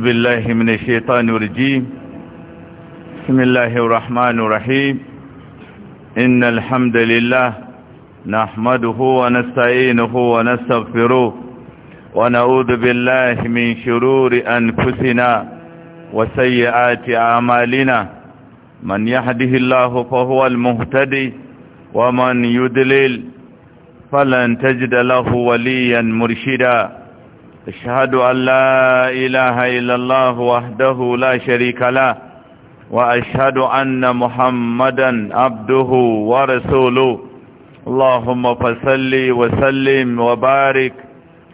أعوذ بالله من الشيطان الرجيم بسم الله الرحمن الرحيم إن الحمد لله نحمده ونستعينه ونستغفره ونعوذ بالله من شرور أنفسنا وسيئات أعمالنا من يهده الله فهو المهتدي ومن يدلل فلن تجد له وليا مرشدا أشهد أن لا إله إلا الله وحده لا شريك له وأشهد أن محمدا عبده ورسوله اللهم فصل وسلم وبارك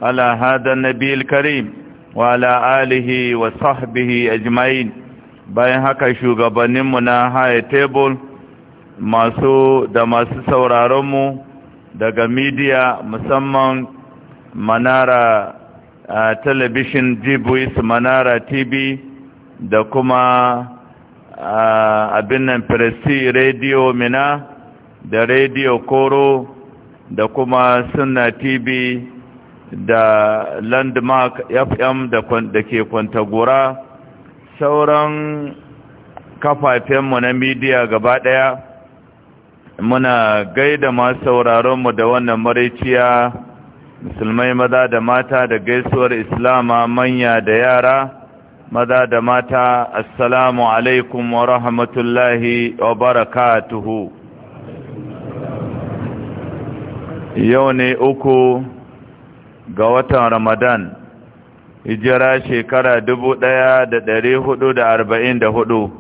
على هذا النبي الكريم وعلى آله وصحبه أجمعين bayan haka shugabanninmu na haya tebul masu da masu sauraronmu daga midiya musamman manara a talabishin jibuis manara tv da kuma abin nan presi radio mina da radio koro da kuma suna tv da landmark fm da ke kwantagora sauran kafafenmu na midiya gaba daya muna gaida masu sauraronmu da wannan mariciya. musulmai maza da mata da gaisuwar islama manya da yara maza da mata assalamu alaikum wa rahmatullahi wa barakatuhu yau ne uku ga watan ramadan hijira shekara dubu ɗaya da ɗari hudu da arba'in da hudu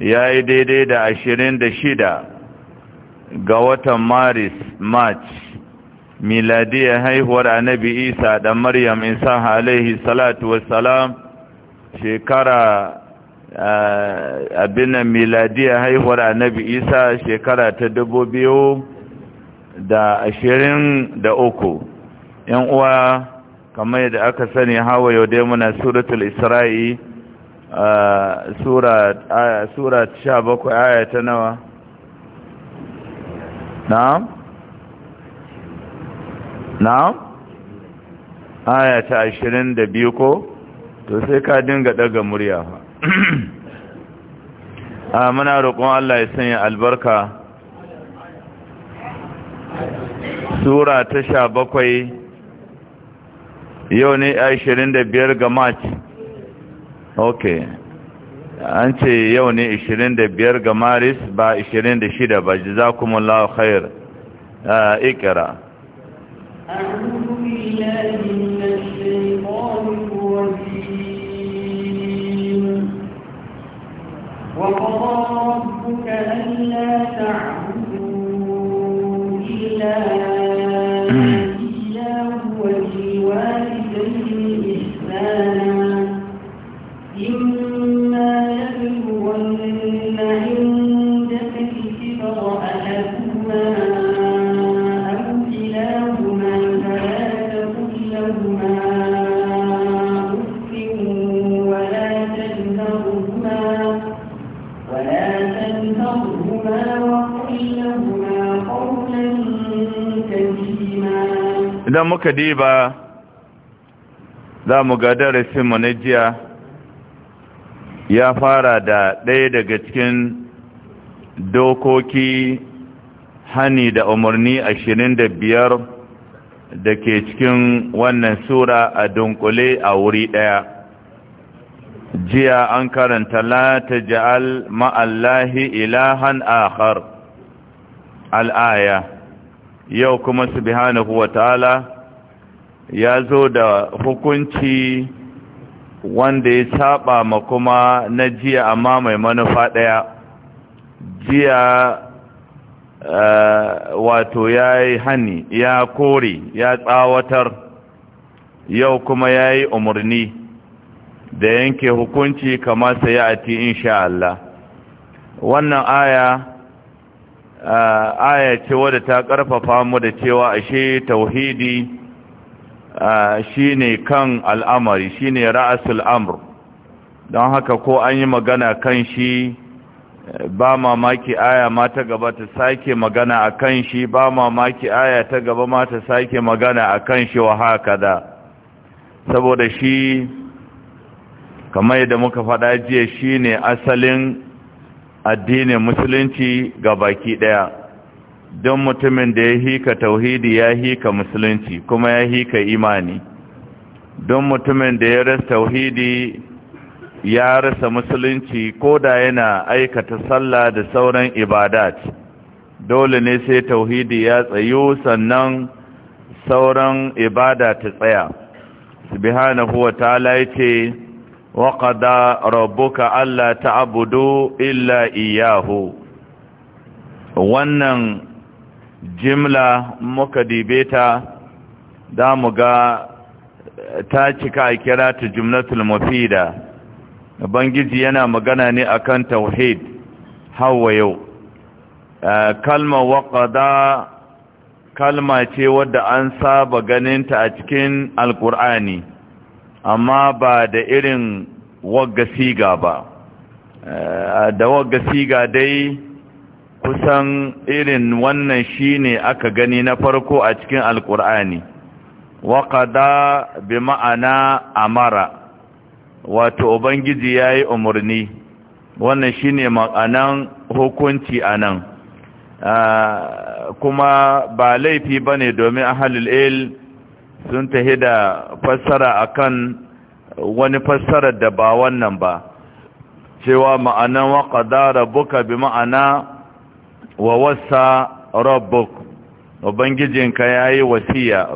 ya yi daidai da ashirin da shida ga watan maris march miladiyar haihuwar annabi isa da maryam isa alaihi salatu wassalam shekara eh, abinan miladiyar haihuwar annabi isa shekara ta dubu biyu da ashirin da uku yan uwa kamar yadda aka sani hawa yau dai muna suratul isra'i eh, eh, sura sha bakwai aya ta nawa na'am na'am aya ta 22 ko to sai ka dinga daga murya fa a muna roƙon Allah ya sanya albarka sura ta 17 yau ne ashirin da ga march ok an ce yau ne 25 ga maris ba 26 da shida ba jizakumullahu khair ikira muka diba za mu ga darasinmu na jiya ya fara da ɗaya daga cikin dokoki hani da umarni ashirin da biyar da ke cikin wannan sura a dunkule a wuri ɗaya jiya an karanta la ta ja'al ma'allahi ilahan akhar al'aya yau kuma subhanahu wa ta'ala ya zo da hukunci wanda ya saba ma kuma na jiya amma mai manufa ɗaya jiya eh, wato ya yi hani ya kore ya tsawatar yau kuma ya yi umarni da yanke hukunci kamar sai ya ati insha Allah wannan aya eh, aya ce wadda ta ƙarfafa mu da cewa ashe tauhidi shine kan al'amari shi ne ra'asul amr don haka ko an yi magana kan shi ba mamaki aya ma ta gaba ta sake magana a kan shi ba mamaki aya ta gaba ma ta sake magana a kan shi wa haka da saboda shi kamar yadda muka faɗa jiya shi ne asalin addinin musulunci ga baki ɗaya don mutumin da ya hika tauhidi ya hika musulunci kuma ya hika imani don mutumin da ya rasa tauhidi ya rasa musulunci ko da yana aikata sallah da sauran ibadat dole ne sai tauhidi ya tsayu sannan sauran ibada ta tsaya subhanahu wa ta'ala yace wa qada rabbuka alla ta'budu illa iyyahu wannan jimla muka dibe ta mu ga eh, ta cika a kira ta jumlatul mafida bangiji yana magana ne akan tauhid hawa yau eh, kalma waƙada kalma ce wadda an saba ganinta a cikin Alƙur'ani. amma ba da irin wagga siga ba eh, da wagga siga dai kusan irin wannan shi ne aka gani na farko a cikin alkur'ani waƙada bi ma'ana amara wato ubangiji ya yi umarni wannan shi ne ma'anan hukunci a nan ah, kuma ba laifi ba ne domin ahalul il sun tahi da fassara akan wani fassarar da ba wannan ba cewa ma'anan waƙada rabuka bi ma'ana wa wasa rabbuk ubangijinka yayi wasiya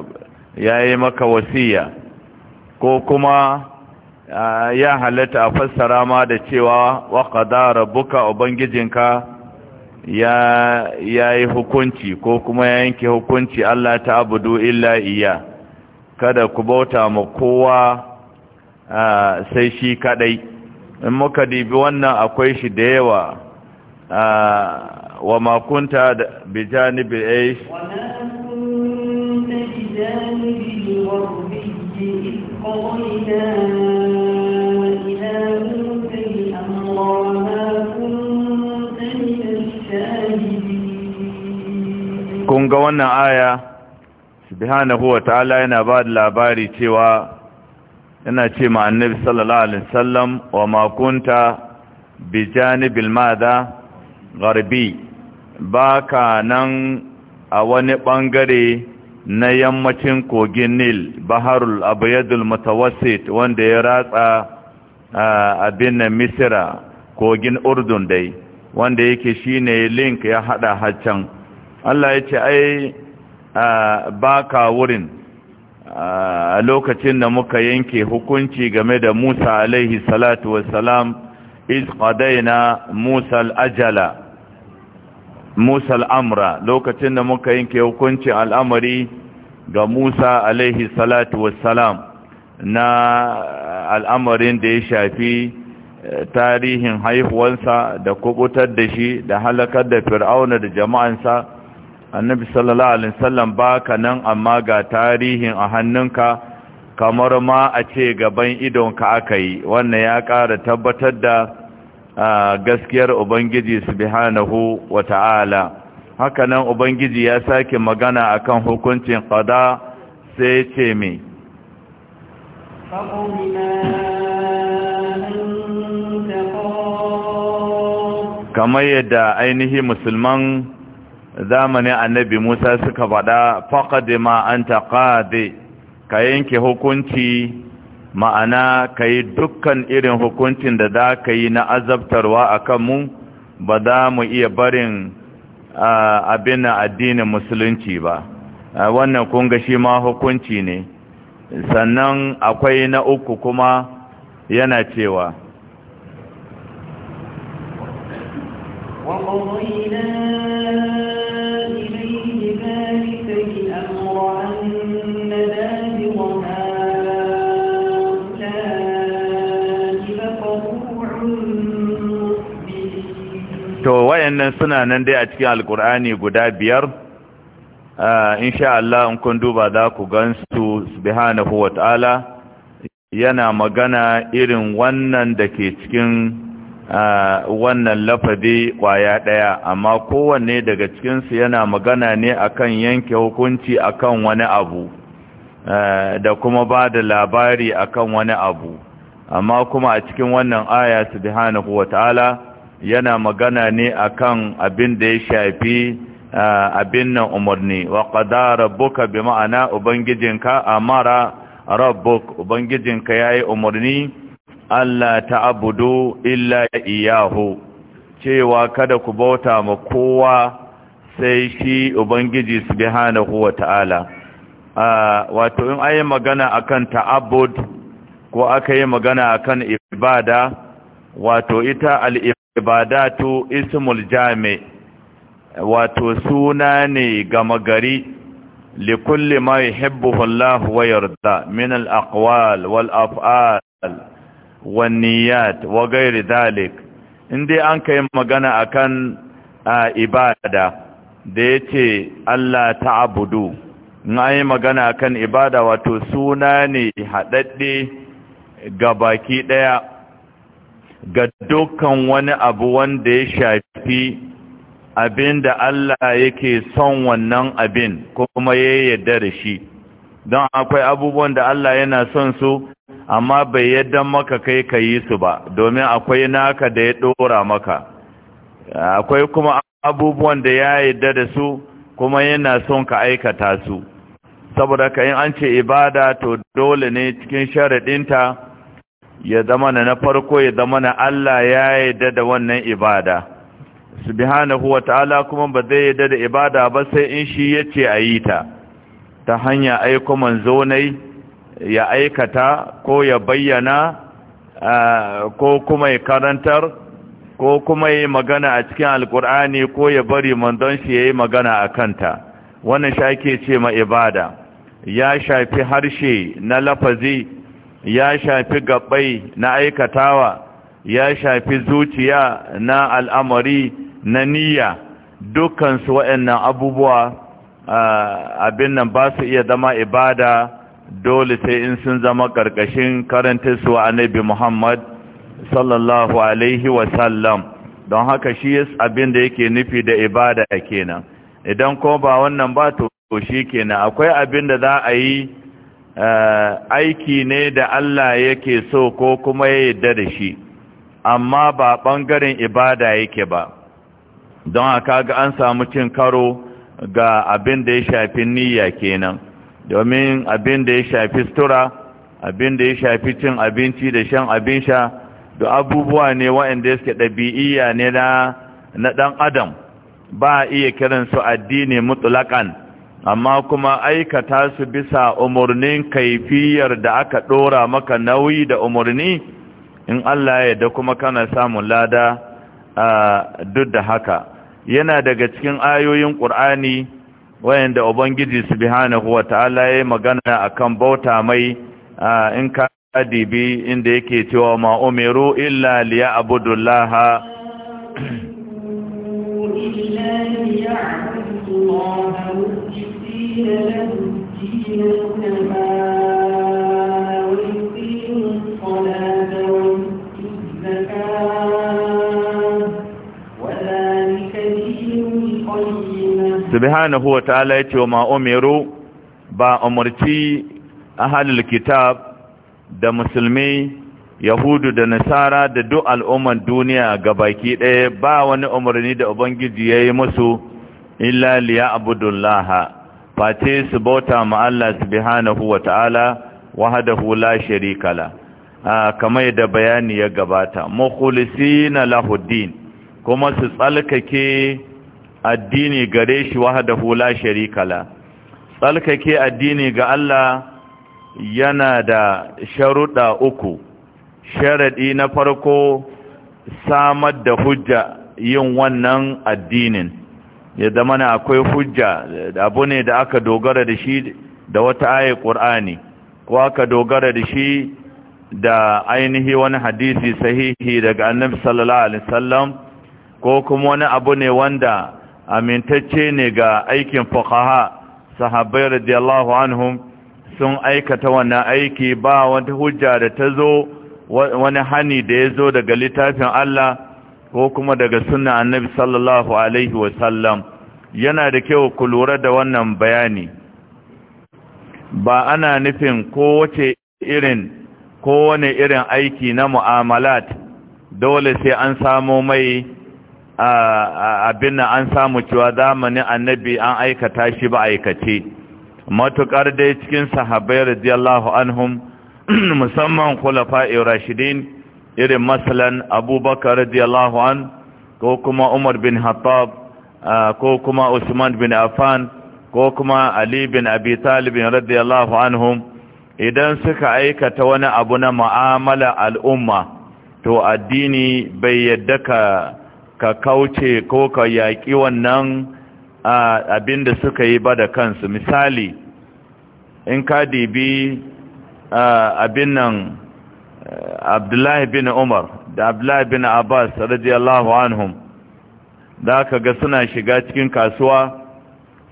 yayi maka wasiya ko kuma ya halatta a fassara ma da cewa wa qada rabbuka ubangijinka ya yayi hukunci ko kuma ya yanke hukunci Allah ta abudu illa iya kada ku bauta ma kowa sai shi kadai in muka dibi wannan akwai shi da yawa wa ma da bijanibin a yi kun ga wannan aya subhanahu wa ta'ala yana ba da labari cewa yana ce ma annabi sallallahu alaihi wasallam wa ma kunta bijanibil madha gharbi ba ka nan a wani ɓangare na yammacin kogin nil baharul abayadul mutawasit wanda ya ratsa a bin misira kogin urdun dai wanda yake shine link ya hada haccan allah ya ce ai ba ka wurin a lokacin da muka yanke hukunci game da musa alaihi salatu wasalam iz qadaina musa al-ajala Musa al'amra lokacin da muka yanke hukunci al'amari ga Musa alaihi salatu wassalam na al'amarin da ya shafi eh, tarihin haihuwansa da kubutar da shi da halakar da fir'auna da jama'ansa annabi sallallahu alaihi wasallam ka nan amma ga tarihin a hannunka kamar ma a ce gaban idonka aka yi wannan ya ƙara tabbatar da gaskiyar ubangiji subhanahu wata'ala hakanan ubangiji ya sake magana akan hukuncin qada sai ce me kamar yadda ainihi musulman zamanin annabi musa suka faɗa faƙaɗe ma an taƙaɗe ka yanke hukunci ma'ana ka yi dukkan irin hukuncin da za ka yi na azabtarwa a kanmu ba za mu iya barin abin addinin musulunci ba wannan kunga shi ma hukunci ne sannan akwai na uku kuma yana cewa وقضينا إليه ذلك الأمر أن wa'annan suna nan dai a cikin alkur'ani guda biyar ah, insha Allah in kun duba za ku gansu subhanahu ta'ala yana magana irin wannan da ke cikin ah, wannan lafadi kwaya daya amma kowanne daga cikinsu yana magana ne akan yanke hukunci akan wani abu ah, da kuma ba da labari akan wani abu amma kuma a cikin wannan aya subhanahu wata'ala ta'ala yana magana ne akan abin da ya shafi abin nan umarni wa qadara rabbuka bi ma'ana ubangijinka amara rabbuk ubangijinka yayi umarni Allah ta'budu illa iyahu cewa kada ku bauta ma kowa sai shi ubangiji subhanahu ta'ala wato in ayi magana akan ta'abbud ko aka yi magana akan ibada wato ita al ibadatu ismul jami wato suna ne gama gari likulli ma yuhibbuhu Allah wa yarda min al-aqwal wal af'al wan niyyat wa ghairi dhalik indai an kai magana akan ibada da yace Allah ta'budu na yi magana akan ibada wato suna ne haɗaɗɗe ga baki ɗaya ga dukkan wani abu wanda ya shafi abin da Allah yake son wannan abin kuma ya yadda da shi don akwai abubuwan da Allah yana son su amma bai yadda maka kai ka yi su ba domin akwai naka da ya ɗora maka akwai kuma abubuwan da ya yarda da su kuma yana son ka aikata su saboda ka yi an ce ibada to dole ne cikin sharaɗinta ya zama na farko ya zamana Allah ya yarda da wannan ibada subhanahu ta'ala kuma ba zai yarda da ibada ba sai in shi ya ce a yi ta ta hanya aiko manzo ne ya aikata ko ya bayyana ko kuma ya karantar ko kuma ya magana a cikin alkur'ani ko ya bari manzon shi ya yi magana a kanta wannan shi ake ce ma ibada ya shafi harshe na lafazi ya shafi gabbai na aikatawa ya shafi zuciya na al'amari na niyya dukansu waɗannan abubuwa abin nan ba su iya zama ibada dole sai in sun zama ƙarƙashin karantarsu a annabi Muhammad sallallahu alaihi wasallam don haka shi abin da yake nufi da ibada kenan idan ko ba wannan ba to shi kenan akwai abin da za a yi Eh, aiki ne da Allah yake so ko kuma ya yarda da shi amma ba ɓangaren ibada yake ba don haka ga an samu cin karo ga abin da ya shafi niyya kenan domin abin da ya shafi sutura abin da ya shafi cin abinci da shan abin sha da abubuwa ne waɗanda suke ɗabi'iyya ne na ɗan adam ba a iya kiransu addini mutulakan amma kuma aikata su bisa umarnin kaifiyar da aka ɗora maka nauyi da umarni in Allah ya da kuma kana samun lada duk da haka yana daga cikin ayoyin ƙur'ani wayanda ubangiji subhanahu wata'ala ya magana akan bauta mai in ka adibi inda yake cewa ma umiru illa liya'budullaha illa الذين huwa ta'ala ya ce wa ma'umiru ba umarci kitab da musulmi yahudu da nasara da duk al'umman duniya ga baki ɗaya ba wani umarni da ubangiji ya yi musu illa liya abudullaha face su bauta ma Allah subhanahu wa ta'ala wahdahu la sharika la kamar da bayani ya gabata mukhlisina lahuddin kuma su tsalkake addini gare shi wahdahu la sharika la tsalkake addini ga Allah yana da sharuɗa uku sharaɗi na farko samar da hujja yin wannan addinin ya zama ne akwai hujja abu ne da aka dogara da shi da wata ayar ƙur'ani ko aka dogara da shi da ainihi wani hadisi sahihi daga annabi sallallahu alaihi wasallam ko kuma wani abu ne wanda amintacce ne ga aikin fuqaha sahabbai radiyallahu anhum sun aikata wannan aiki ba wata hujja da ta zo wani hani da ya zo daga littafin Allah ko kuma daga sunna annabi sallallahu alaihi wasallam yana da kyau ku lura da wannan bayani ba ana nufin kowace irin kowane irin aiki na mu'amalat dole sai an samo mai abin an samu cewa zamanin annabi an aikata shi ba aikace matuƙar dai cikin sahabbai radiyallahu anhum musamman khulafa'ir rashidin irin masalan abubakar radiyallahu an ko kuma umar bin hattab ko kuma usman bin Afan ko kuma ali bin abi talibin radiyallahu anhum idan suka aikata wani abu na mu'amala al'umma to addini bai yadda ka ka kauce ko ka yaƙi wannan abin da suka yi ba da kansu misali in ka dibi abin nan abdullahi bin umar da abdullahi bin abbas radiyallahu anhum da aka ga suna shiga cikin kasuwa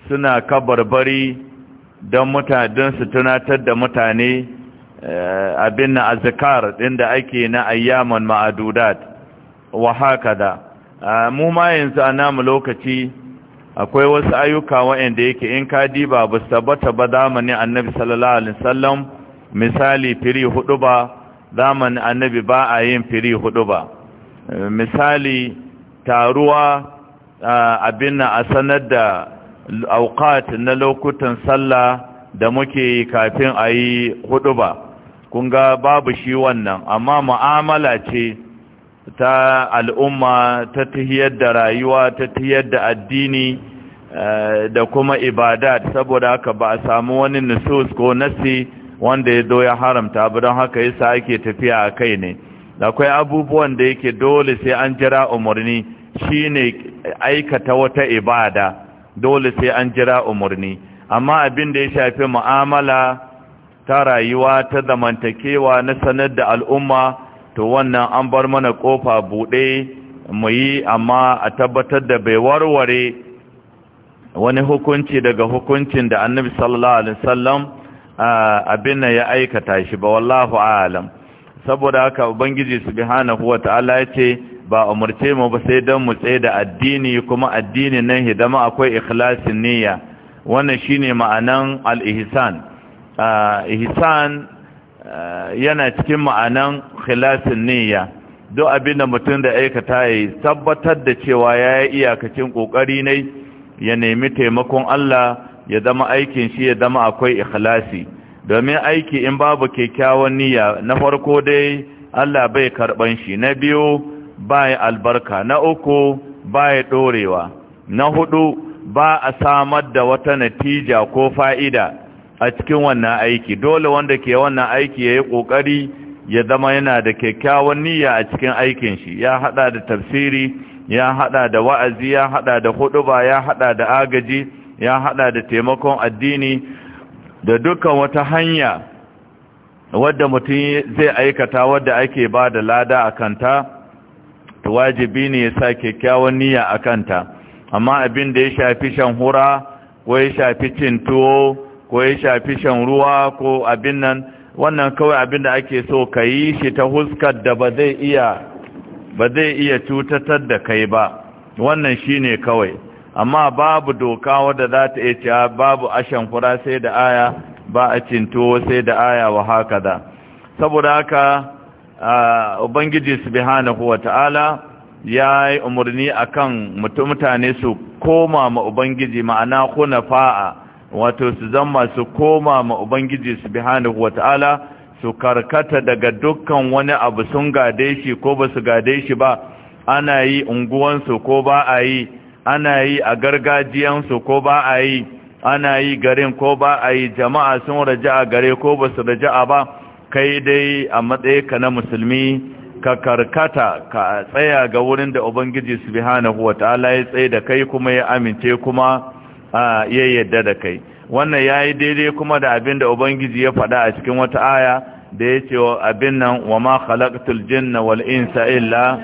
suna kabarbari don mutaden su tunatar da mutane eh, abin na azkar din da ake na ayyaman ma'adudat wa hakada mu ma yanzu a namu lokaci akwai wasu ayyuka waɗanda yake in ka diba ba su tabbata ba zamanin annabi sallallahu alaihi wasallam misali firi hudu ba zamanin annabi ba a yin firi hudu ba misali taruwa abin a sanar da aukat na lokutan sallah da muke kafin a yi hudu ba kun ga babu shi wannan amma mu'amala ce ta al'umma ta tahiyar da rayuwa ta tahiyar da addini eh, da kuma ibadat saboda haka ba a samu wani nusus ko nasi wanda ya zo ya haramta abu don haka yasa ake tafiya a kai ne akwai abubuwan da yake dole sai an jira umarni shine aikata wata ibada dole sai an jira umarni amma abin da ya shafi mu'amala ta rayuwa ta zamantakewa na sanar da al'umma to wannan an bar mana kofa buɗe mu yi amma a tabbatar da bai warware wani hukunci daga hukuncin da annabi sallallahu alaihi wasallam abin nan ya aikata shi ba wallahu alam saboda haka ubangiji subhanahu wata'ala ce ba umurce mu ba sai dan mu tsaye da addini kuma addini nan hidama akwai ikhlasin niyya wannan shine ma'anan al-ihsan ihsan yana cikin ma'anan ikhlasin niyya duk abin da mutum da aikata yayi tabbatar da cewa ya yi iyakacin kokari ne ya nemi taimakon Allah ya zama aikin shi ya zama akwai ikhlasi domin aiki in babu kyakkyawan niyya na farko dai Allah bai karban shi na biyu bai albarka na uku bai dorewa na hudu ba a samar da wata natija ko fa'ida a cikin wannan aiki dole wanda ke wannan aiki yayi kokari ya zama yana da kyakkyawan niyya a cikin aikin shi ya hada da tafsiri ya hada da wa'azi ya hada da huduba ya hada da agaji ya hada da taimakon addini da dukkan wata hanya wadda mutum zai aikata wadda ake ba da lada a kanta wajibi ne ya sa kyakkyawan niyya a kanta amma abin da ya shafi shan hura ko ya shafi cin tuwo ko ya shafi shan ruwa ko abin nan wannan kawai abin da ake so ka yi shi ta huskar da ba zai iya cutatar da kai ba wannan shi ne kawai amma babu doka wadda za ta iya cewa babu ashan fura sai da aya ba a cinto sai da aya wa haka da saboda haka ubangiji subhanahu ta'ala ya yi umarni a kan mutane su koma ma ubangiji ma'ana kuna fa'a wato su zama su koma ma ubangiji subhanahu ta'ala su karkata daga dukkan wani abu sun gade shi ko ba su gade shi ba ana yi unguwansu ko ba a yi ana yi a gargajiyansu ko ba a yi ana yi garin ko ba a yi jama'a sun a gare ko ba su a ba kai dai a matsayi ka na musulmi ka karkata ka tsaya ga wurin da ubangiji subhanahu wataala ya tsaye da kai kuma ya amince kuma ya yadda da kai wannan ya yi daidai kuma da abin da ubangiji ya faɗa a cikin wata aya da ya ce abin nan wa ma khalaqtul jinna wal insa illa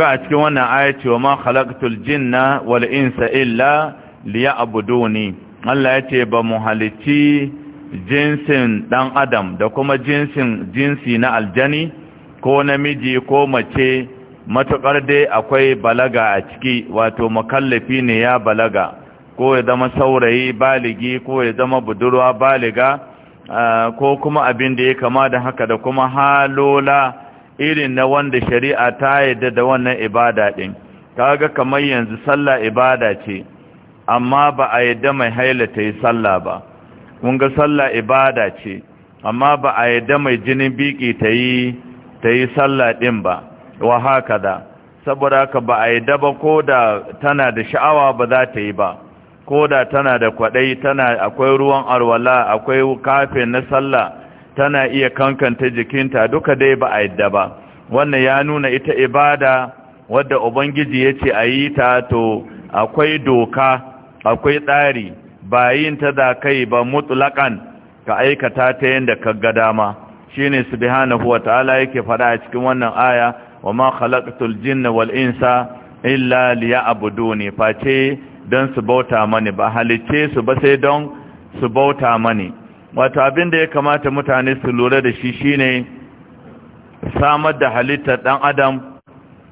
ga a cikin wannan aya cewa ma khalaqtul jinna wal insa illa liya'buduni Allah yace ba mu halici jinsin dan adam da kuma jinsin jinsi na aljani ko namiji ko mace matukar dai akwai balaga a ciki wato mukallafi ne ya balaga ko ya zama saurayi baligi ko ya zama budurwa baliga ah, ko kuma abin da ya kama da haka da kuma halola irin na wanda shari'a ta yadda da wannan ibada ɗin kaga kamar yanzu sallah ibada ce amma ba a yadda mai haila ta yi sallah ba kun ga sallah ibada ce amma ba a yadda mai jinin biki ta yi sallah ɗin ba wa haka da saboda haka ba a yadda ba ko da tana da sha'awa ba za ta yi ba ko da tana da kwaɗai tana akwai ruwan arwala akwai kafin na sallah tana iya kankanta jikinta duka dai ba a yadda ba wannan ya nuna ita ibada wadda ubangiji ya ce a yi ta to akwai doka akwai tsari ba yin ta da kai ba mutlaƙan ka aikata ta yadda ka ga dama shine subhanahu ta'ala yake fara a cikin wannan aya wa ma khalaqtul jinna wal insa illa liya'buduni face don su bauta mani ba halicce su ba sai don su bauta mani wato abin da ya kamata mutane su lura da shi shine samar da halitta ɗan adam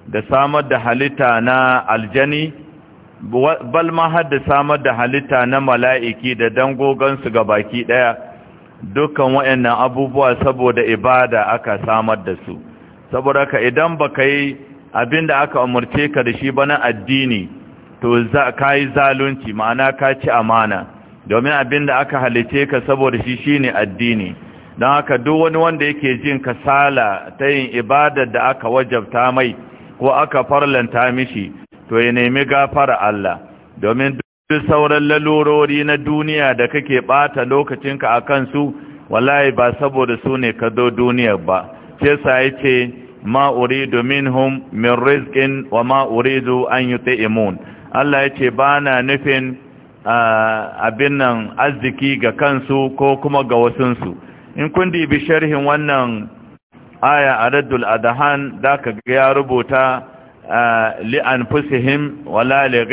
da samar da halitta na aljani bal ma har da samar da halitta na mala'iki da dangogansu ga baki ɗaya dukkan waɗannan abubuwa saboda ibada aka samar da su saboda ka idan baka yi abin da aka umarce ka da shi ba na addini to ka yi zalunci ma'ana ka ci amana domin abin da aka halice ka saboda shi shine addini don haka duk wani wanda yake jin kasala ta yin ibadar da aka wajabta mai ko aka farlanta mishi to ya nemi gafara Allah domin duk sauran lalurori na duniya da kake bata lokacinka a kansu wallahi ba saboda su ne ka zo duniyar ba ce sa ya ce ma domin hun min rizkin wa ma uridu an yi ta'imun Allah ya ce ba na nufin abin nan arziki ga kansu ko kuma ga wasunsu in kundi bi sharhin wannan aya a raddul adahan da ka ya rubuta li'an fusihim wala li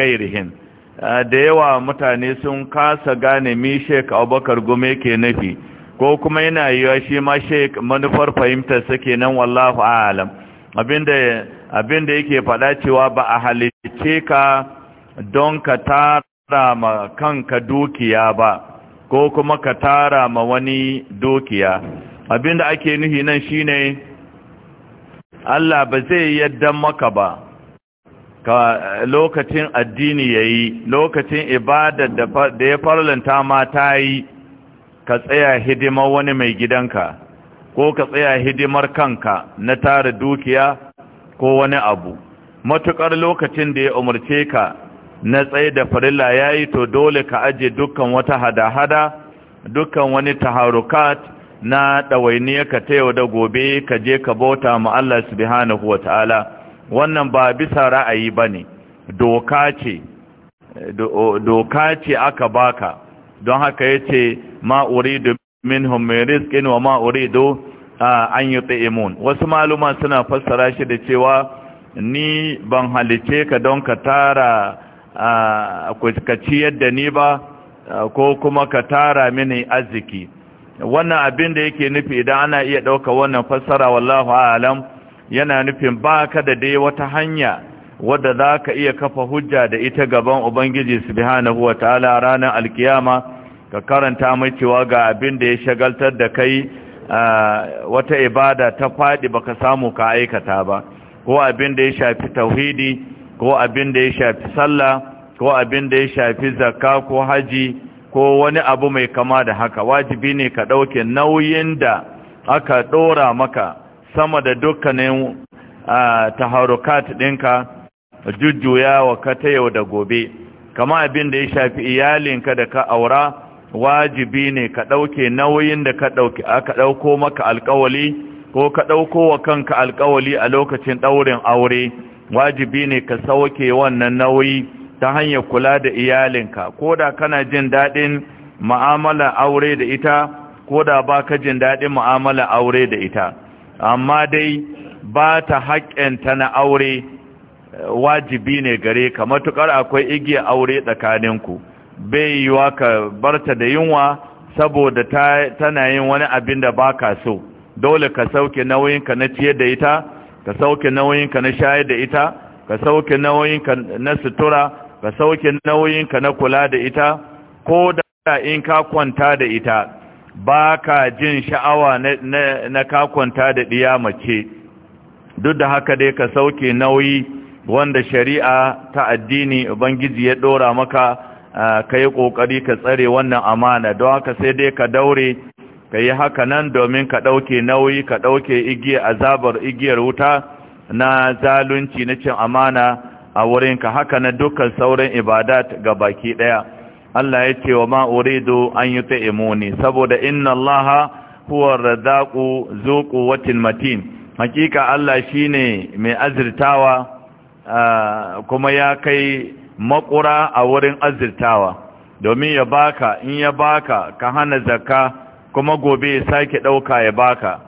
da yawa mutane sun kasa gane mi sheik Abubakar gome ke nufi ko kuma yana yiwa shi ma sheik manufar fahimtar sa kenan wallahu a'lam abinda abinda yake faɗa cewa ba a halicce ka don ka tara tara ma kanka dukiya ba ko kuma ka tara ma wani dukiya abinda ake nuhi nan shine Allah ba zai yadda maka ba ka lokacin addini yayi lokacin ibada da ya farlanta ma ta yi ka tsaya hidimar wani mai gidanka ko ka tsaya hidimar kanka na tara dukiya ko wani abu matukar lokacin da ya umarce ka na tsaye da farilla ya yi to dole ka aje dukkan wata hada-hada dukkan wani taharukat na ɗawainiya ka ta yau da gobe ka je ka bauta ma Allah subhanahu wa ta'ala wannan ba bisa ra'ayi ba ne doka ce aka baka don haka ya ce ma'uri min hummiris ƙin wa do an yi ta'imun wasu maluma suna fassara shi da cewa ni ban halice ka don ka tara ka ciyar da ni ba ko kuma ka tara mini arziki wannan abin da yake nufi idan ana iya ɗauka wannan fassara wallahu alam yana nufin ba ka da dai wata hanya wadda za ka iya kafa hujja da ita gaban ubangiji subhanahu wa ta'ala ranar alkiyama ka karanta mai cewa ga abin da ya shagaltar da kai wata ibada ta faɗi baka samu ka aikata ba ko abin da ya shafi tauhidi ko abin da ya shafi sallah ko abin da ya shafi zakka ko haji ko wani abu mai kama da haka wajibi ne ka ɗauke nauyin da aka ɗora maka sama da dukkanin taharukat ɗinka jujjuyawa ka ta yau da gobe kama abin da ya shafi iyalinka da ka aura wajibi ne ka ɗauke nauyin da ka ɗauko maka alkawali ko ka ɗauko wa kanka alkawali a lokacin ɗaurin aure wajibi ne ka sauke wannan nauyi ta hanyar kula da iyalinka ko da kana jin daɗin ma'amala aure da ita ko da ba ka jin daɗin ma'amala aure da ita amma dai ba ta haƙƙenta na aure eh, wajibi ne gare ka matuƙar akwai igiyar aure tsakaninku bai yiwa ka barta da yunwa saboda tana yin wani abin da ba ka so dole ka sauke nauyinka na ciyar da ita ka sauke nauyin ka na shayar da ita ka sauke nauyin ka na sutura ka sauke nauyin ka na kula da ita ko da in ka kwanta da ita baka jin sha'awa na ka kwanta da ɗiya mace duk da haka dai ka sauke nauyi wanda shari'a ta addini ubangiji ya ɗora maka ka yi ƙoƙari ka tsare wannan amana don haka sai dai ka daure ka yi haka nan domin ka ɗauke nauyi ka ɗauke igiyar azabar igiyar wuta na zalunci na cin amana a ka haka na dukkan sauran ibadat ga baki ɗaya Allah ya ce wa ma uridu an yi ta imuni saboda inna Allah huwa razaƙu zuƙu watin matin hakika Allah shi ne mai azirtawa kuma ya kai makura a wurin azirtawa domin ya baka in ya baka ka hana zakka kuma gobe ya sake ɗauka ya baka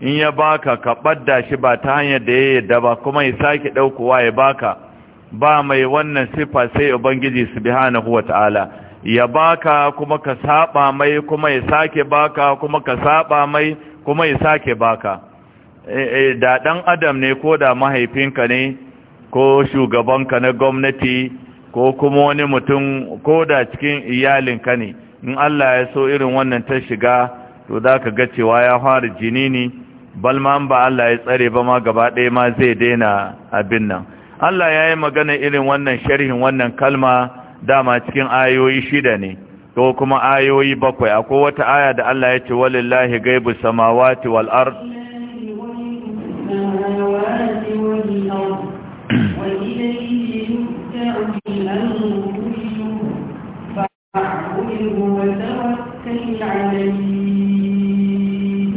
in ya baka ka ɓadda shi ba ta hanyar da ya yadda ba kuma ya sake ɗaukowa ya baka ba mai wannan siffa sai ubangiji subhanahu ta'ala. ya baka kuma ka saba mai kuma ya sake baka kuma ka saba mai kuma ya sake baka e, e, da ɗan adam ne ko da mahaifinka ne ko shugabanka na gwamnati ko kuma wani mutum ko da cikin iyalinka ne in Allah ya so irin wannan ta shiga to za ka ga cewa ya fara jini ne balma ba Allah ya tsare ba ma gaba ɗaya ma zai daina abin nan Allah ya yi magana irin wannan sharhin wannan kalma dama cikin ayoyi shida ne ko kuma ayoyi bakwai akwai wata aya da Allah ya ce walillahi gaibu samawati wal ard فاعبده وتوكل عليه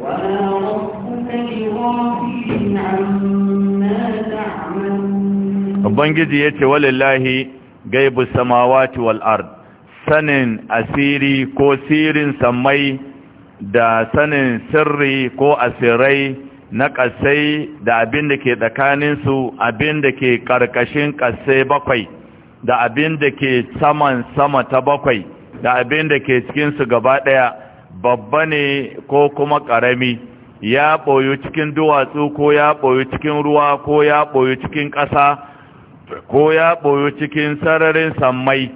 ربك بغافل عما ya ce walillahi gaibu samawati wal sanin asiri ko sirin samai da sanin sirri ko asirai na ƙasai da abin da ke tsakaninsu abin da ke ƙarƙashin ƙasai bakwai da abin da ke saman sama ta bakwai da abin da ke cikinsu gaba ɗaya babba ne ko kuma ƙarami ya ɓoyu cikin duwatsu ko ya ɓoyu cikin ruwa ko ya ɓoyu cikin ƙasa ko ya ɓoyu cikin sararin sammai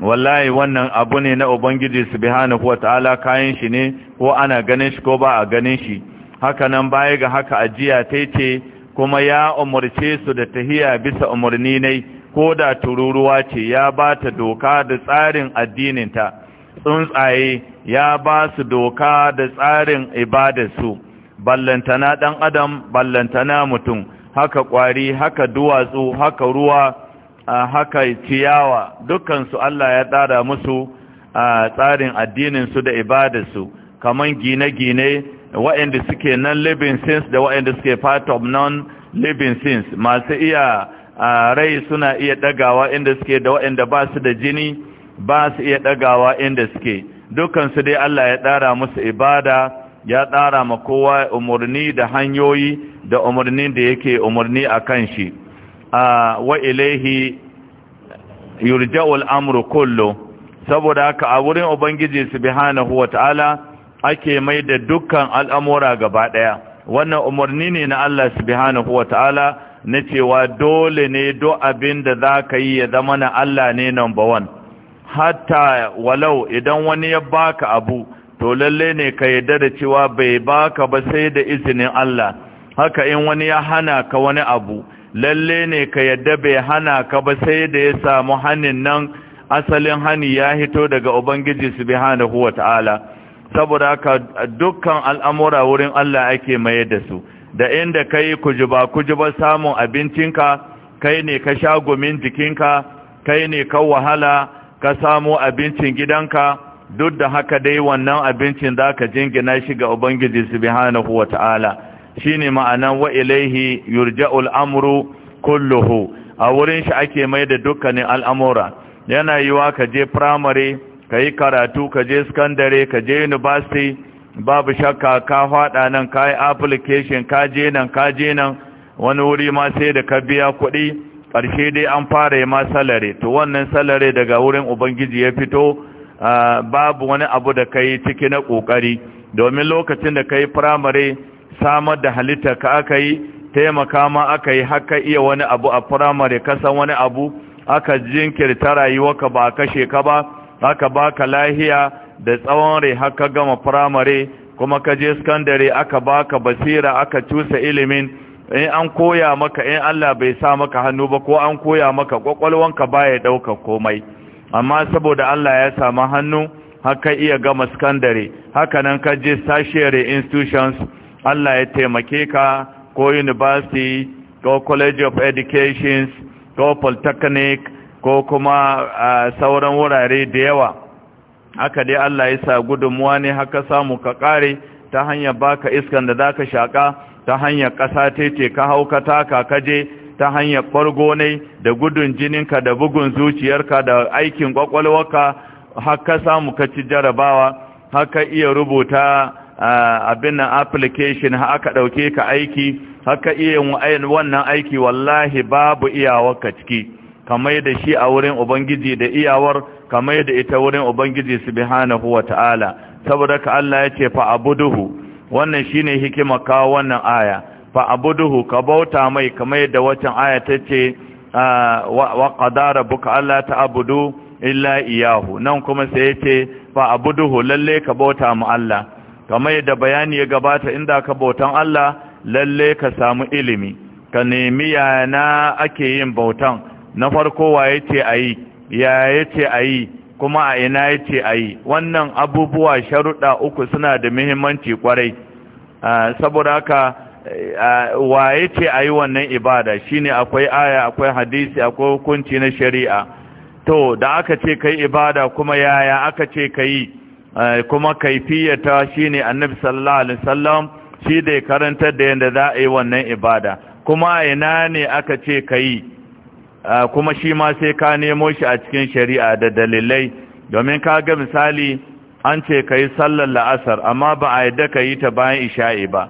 wallahi wannan abu ne na ubangiji subhanahu ta'ala kayan shi ne ko ana ganin shi ko ba a ganin shi haka nan baya ga haka ajiya ta ce kuma ya umarce su da tahiya bisa umarni ne ko da tururuwa ce ya ba ta doka da tsarin addininta tsuntsaye ya ba su doka da tsarin ibadarsu ballantana ɗan adam ballantana mutum haka ƙwari haka duwatsu haka ruwa haka ciyawa dukansu Allah ya tsara musu tsarin addininsu da ibadarsu kaman gine-gine wa'inda suke non-living sins da wa'inda suke part of non-living sins masu iya a rai suna iya dagawa inda suke da waɗanda ba su da jini ba su iya dagawa inda suke dukansu dai Allah ya ɗara musu ibada ya ɗara ma kowa umarni da hanyoyi da umarnin da yake umarni a kan shi wa ilaihi yurja'ul amru kullu saboda haka a wurin ubangiji subhanahu wata'ala ake mai da dukkan al'amura gaba daya wannan umarni ne na Allah subhanahu wata'ala na cewa dole ne do abin da za ka yi ya zama na Allah ne number one hatta walau idan wani ya baka abu to lalle ne ka yarda da cewa bai baka ba sai da izinin Allah haka in wani ya hana ka wani abu lalle ne ka yarda bai hana ka ba sai da ya samu hannun nan asalin hani ya hito daga ubangiji subhanahu wataala saboda haka dukkan al'amura wurin Allah ake maye da su da inda kai kujuba kujuba samun abincinka kai ne ka sha gumin jikinka kai ne ka wahala ka samu abincin gidanka duk da haka dai wannan abincin za ka jingina shi ga ubangiji subhanahu ta'ala shine ma'anan wa ilaihi yurja'ul amru kulluhu a wurin shi ake mai da dukkanin al'amura yana yiwa ka je primary ka yi karatu ka je secondary ka je university babu shakka ka faɗa nan ka yi application ka je nan ka je nan wani wuri ma sai da ka biya kuɗi ƙarshe dai an fara ma salare to wannan salare daga wurin ubangiji ya fito babu wani abu da ka ciki na ƙoƙari domin lokacin da ka yi firamare samar da halitta ka aka yi taimaka ma aka yi haka iya wani abu a firamare kasan wani abu aka jinkirta rayuwarka ba kashe ka ba aka baka lahiya da tsawon rai haka gama firamare kuma ka je sakandare aka baka basira aka cusa ilimin in an koya maka in Allah bai sa maka hannu ba ko an koya maka kwakwalwanka baya ɗauka komai amma saboda Allah ya samu hannu haka iya gama sakandare haka nan ka je tertiary institutions Allah ya taimake ka ko university ko college of educations ko polytechnic ko kuma ah, sauran wurare da yawa haka dai Allah ya sa gudunmuwa ne haka samu ka kare ta hanyar baka iskan da za ka shaka ta hanyar kasa tece ka hauka taka kaje ta hanyar ɓargo ne da gudun jininka da bugun zuciyarka da aikin kwakwalwarka haka samu ka ci jarabawa haka iya rubuta abin application haka ɗauke ka aiki haka iya wannan aiki wallahi babu iyawar ka ciki kamar da shi a wurin ubangiji da iyawar kamar yadda ita wurin ubangiji subhanahu ta'ala. saboda ka Allah ya ce fa abuduhu wannan shine hikima kawo wannan aya fa abuduhu ka bauta mai kamar yadda waccan aya ta ce ah, wa qadara buka Allah ta abudu illa iyahu nan kuma sai ya ce fa abuduhu lalle ka bauta mu Allah kamar yadda bayani ya gabata inda ka bautan Allah lalle ka samu ilimi ka nemi yana ake yin bautan na farko waye ce ayi ya yace yi kuma a ina yace yi wannan abubuwa sharuɗa uku suna da muhimmanci kwarai saboda haka wa yace yi wannan ibada shine akwai aya akwai hadisi akwai hukunci na shari'a to da aka ce kai ibada kuma yaya aka ce kai kuma kaifiyata shine annabi sallallahu alaihi wasallam shi da karanta da yadda za a yi wannan ibada kuma ina ne aka ce kai kuma shi ma sai ka nemo shi a cikin shari'a da dalilai domin ka ga misali an ce ka yi sallar la'asar amma ba a yadda ka yi ta bayan isha'i ba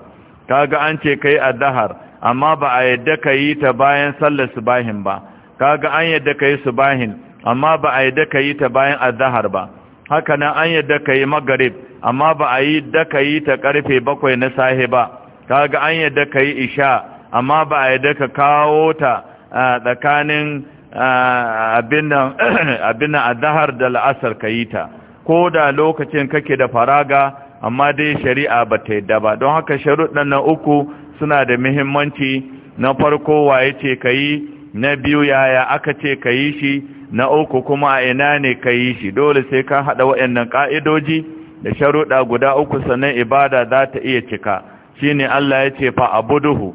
ka ga an ce ka yi adahar amma ba a yadda ka yi ta bayan sallar subahin ba ka ga an yadda ka yi subahin amma ba a yadda ka yi ta bayan adahar ba haka nan an yadda ka yi magarib amma ba a yi da ka yi ta karfe bakwai na sahe ba ka ga an yadda ka yi isha amma ba a yadda ka kawo ta tsakanin abin a dahar da la'asar ka yi ta ko da lokacin kake da faraga amma dai shari'a ba ta yadda ba don haka sharuɗan na uku suna da muhimmanci na farko waye ce ka yi na biyu yaya aka ce ka yi shi na uku kuma a ina ne ka yi shi dole sai ka haɗa waɗannan ƙa'idoji da sharuɗa guda uku sannan ibada za ta iya cika shine Allah ya ce fa abuduhu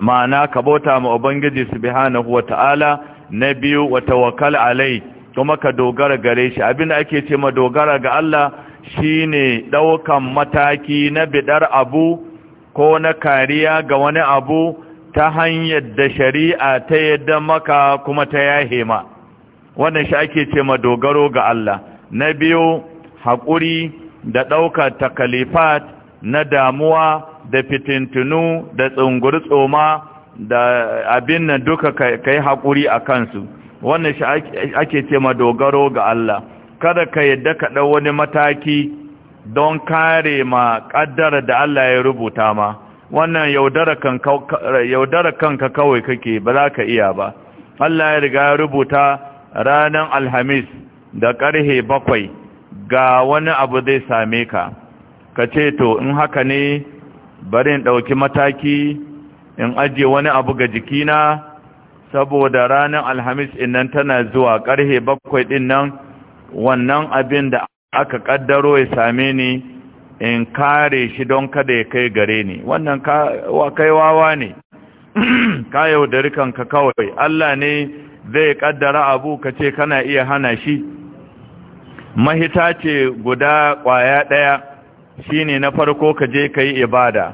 ma'ana ka bauta ma ubangiji subhanahu ta'ala na biyu wa tawakal alai kuma ka dogara gare shi abinda ake ce ma dogara ga Allah shine ɗaukan mataki na bidar abu ko na kariya ga wani abu ta hanyar da shari'a ta yadda maka kuma ta yahe ma wannan shi ake ce ma dogaro ga Allah na biyu haƙuri da ɗaukar takalifat na damuwa da fitintunu da tsunguri tsoma da abin nan duka ka yi haƙuri a kansu wannan shi ake ce ma dogaro ga Allah kada ka yadda ka ɗau wani mataki don kare ma ƙaddara da Allah ya rubuta ma wannan yaudara kanka kawai kake ba za ka iya ba Allah ya riga ya rubuta ranar alhamis da ƙarhe bakwai ga wani abu zai same ka ka ce to in haka ne bari in ɗauki mataki in ajiye wani abu ga jikina saboda ranar alhamis innan tana zuwa ƙarhe bakwai ɗin nan wannan abin da aka ƙaddaro ya same ni in kare shi don kada ya kai gare ni wannan kai wawa ne ka yaudari kanka kawai Allah ne zai ƙaddara abu ka ce kana iya hana shi mahita ce guda ƙwaya ɗaya shine na farko ka je ka ibada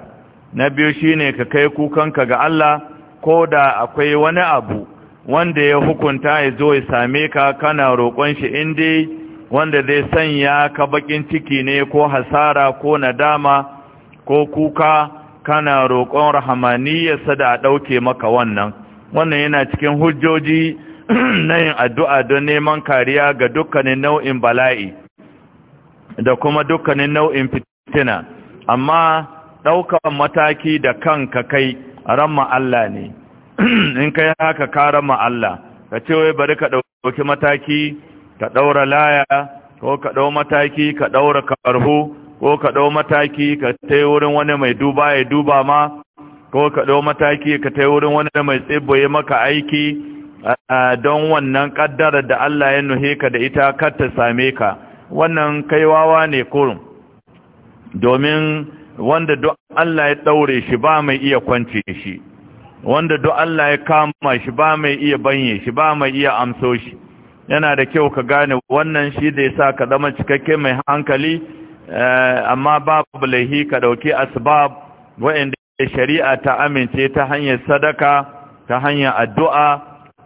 na biyu shine ka kai kukanka ga Allah ko da akwai wani abu wanda ya hukunta ya zo ya same ka kana roƙon shi inda wanda zai sanya ka bakin ciki ne ko hasara ko nadama ko kuka kana roƙon rahamaniyarsa da a ɗauke maka wannan wannan yana cikin hujjoji na yin addu'a don neman kariya ga dukkanin nau'in bala'i da kuma dukkanin nau'in fitina fitina amma ɗaukan mataki da kanka kai ramma Allah ne in kai haka ka ramma Allah ka ce wai bari ka ɗauki mataki ka ɗaura laya ko ka ɗau mataki ka ɗaura karhu ko ka ɗau mataki ka tai wurin wani mai duba ya duba ma ko ka ɗau mataki ka tai wurin wani mai tsibbo ya maka aiki don wannan ƙaddarar da Allah ya nuhe ka da ita kar ta same ka wannan kai wawa ne kurum domin wanda duk Allah ya daure shi ba mai iya kwance shi wanda duk Allah ya kama shi ba mai iya banye shi ba mai iya amso shi yana da kyau ka gane wannan shi da yasa ka zama cikakke mai hankali eh, amma babu lahi ka dauki asbab wa'anda shari'a ta amince ta hanyar sadaka ta hanyar addu'a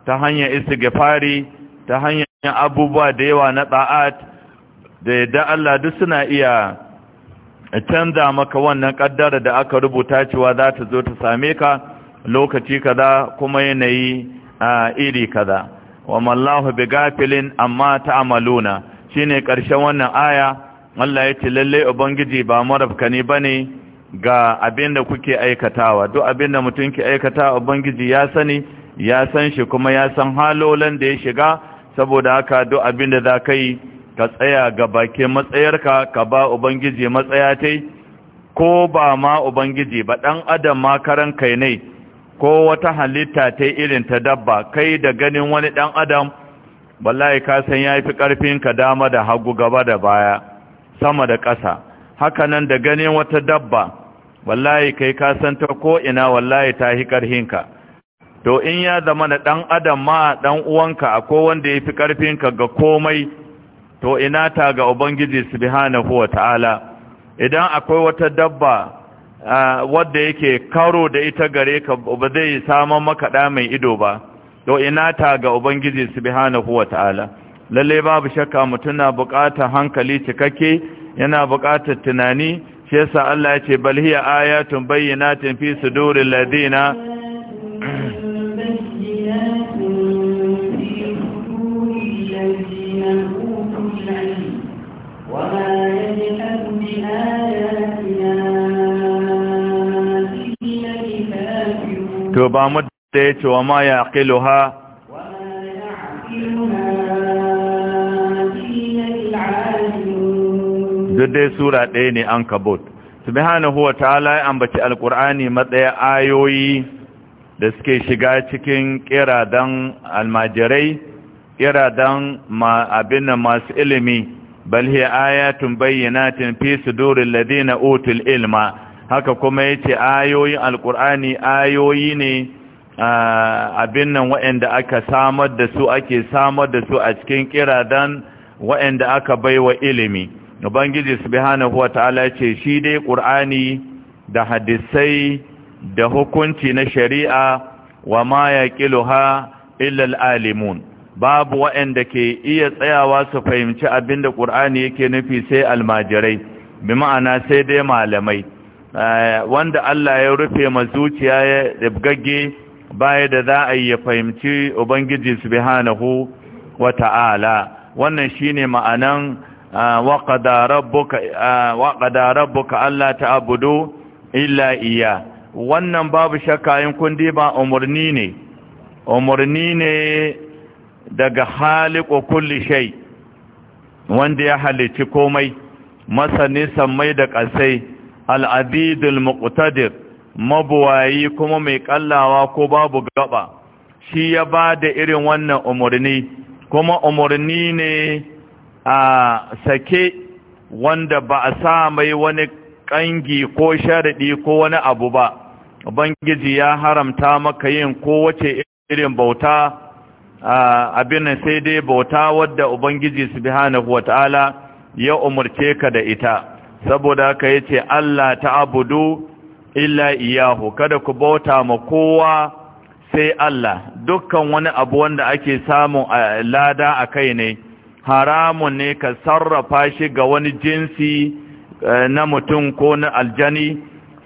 ta hanyar istighfari ta hanyar abubuwa da yawa na da'at da yadda Allah duk suna iya canza maka wannan kaddara da aka rubuta cewa za ta zo ta same ka lokaci kaza kuma yanayi a iri kaza wa mallahu bi gafilin amma ta'maluna shine karshen wannan aya Allah ya ce lalle ubangiji ba marafka ne bane ga abin da kuke aikatawa duk abin da mutum ke aikata ubangiji ya sani ya san shi kuma ya san halolan da ya shiga saboda haka duk abin da za ka yi ka tsaya ga bake matsayarka ka ba ubangiji matsaya tai ko ba ma ubangiji ba dan adam ma karan kai ne ko wata halitta ta irin ta dabba kai da ganin wani dan adam wallahi ka san yafi karfin ka dama da hagu gaba da baya sama da ƙasa haka nan da ganin wata dabba wallahi kai ka san ta ko ina wallahi ta hi to in ya zama da dan adam ma dan uwanka akwai wanda yafi karfin ka ga komai to ina ta ga ubangiji subhanahu wataala idan akwai wata dabba wadda yake karo da ita gare ka ba zai samun maka da mai ido ba to ina ta ga ubangiji subhanahu wataala lalle babu shakka mutum na buƙatar hankali cikakke yana buƙatar tunani shi yasa Allah ya ce bal hiya ayatun bayyinatin fi sudurin ladina to ba mu da ya ce wa ma ya aqilu ha duk dai sura ɗaya ne an kabot hana huwa ta'ala ya ambaci alkur'ani matsaya ayoyi da suke shiga cikin kiradan almajirai kiradan abin masu ilimi bal tun bayyana tun fi suduril ladina utul ilma haka kuma yace ayoyin alqur'ani ayoyi ne abin nan waɗanda aka samar da su ake samar da su a cikin kiradan waɗanda aka baiwa ilimi ubangiji subhanahu wataala yace shi dai qur'ani da hadisai da hukunci na shari'a wa ma yaqiluha illa al-alimun babu waɗanda ke iya tsayawa su fahimci abin da ƙur'ani yake nufi sai almajirai bi ma'ana sai dai malamai Eh, wanda Allah ya rufe ma zuciya ya ribgagge baya da za a yi ya fahimci ubangiji subhanahu wa ta'ala wannan shi ne ma'anan eh, waqada rabbuka Allah eh, ta alla ta'budu illa iya wannan babu shakka in kun ba umarni ne Umarni ne daga haliƙo kulli shai. wanda ya halici komai masani sammai da ƙasai al'abidul muktadir mabuwayi kuma mai ƙallawa ko babu gaba shi ya ba da irin wannan umarni kuma umarni ne a sake wanda ba a sa mai wani ƙangi ko sharaɗi ko wani abu ba ubangiji ya haramta maka yin kowace irin bauta abin sai dai bauta wadda ubangiji subhanahu wataala ya umarce ka da ita saboda haka yace Allah ta'budu illa iyahu kada ku bauta ma kowa sai Allah dukkan wani abu wanda ake samu lada a kai ne haramun ne ka sarrafa shi ga wani jinsi e, na mutum ko na aljani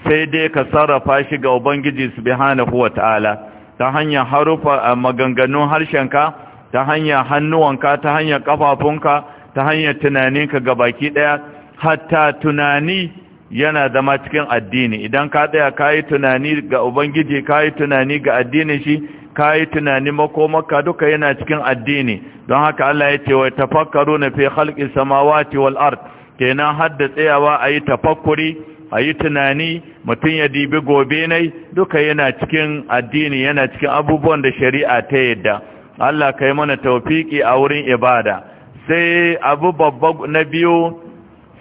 sai dai ka sarrafa shi ga ubangiji subhanahu wataala ta hanyar harufa maganganun harshenka ta hanyar hannuwanka ta hanyar kafafunka ta hanyar tunaninka ga baki ɗaya hatta tunani yana zama cikin addini idan ka tsaya ka yi tunani ga ubangiji ka yi tunani ga addinin shi ka yi tunani makomaka duka yana cikin addini don haka Allah ya ce wa tafakkaru na fi halƙi samawati wal ard kenan har da tsayawa a yi tafakkuri a yi tunani mutum ya dibi gobe nai duka yana cikin addini yana cikin abubuwan da shari'a ta yadda Allah ka yi mana taufiki a wurin ibada sai abu babba na biyu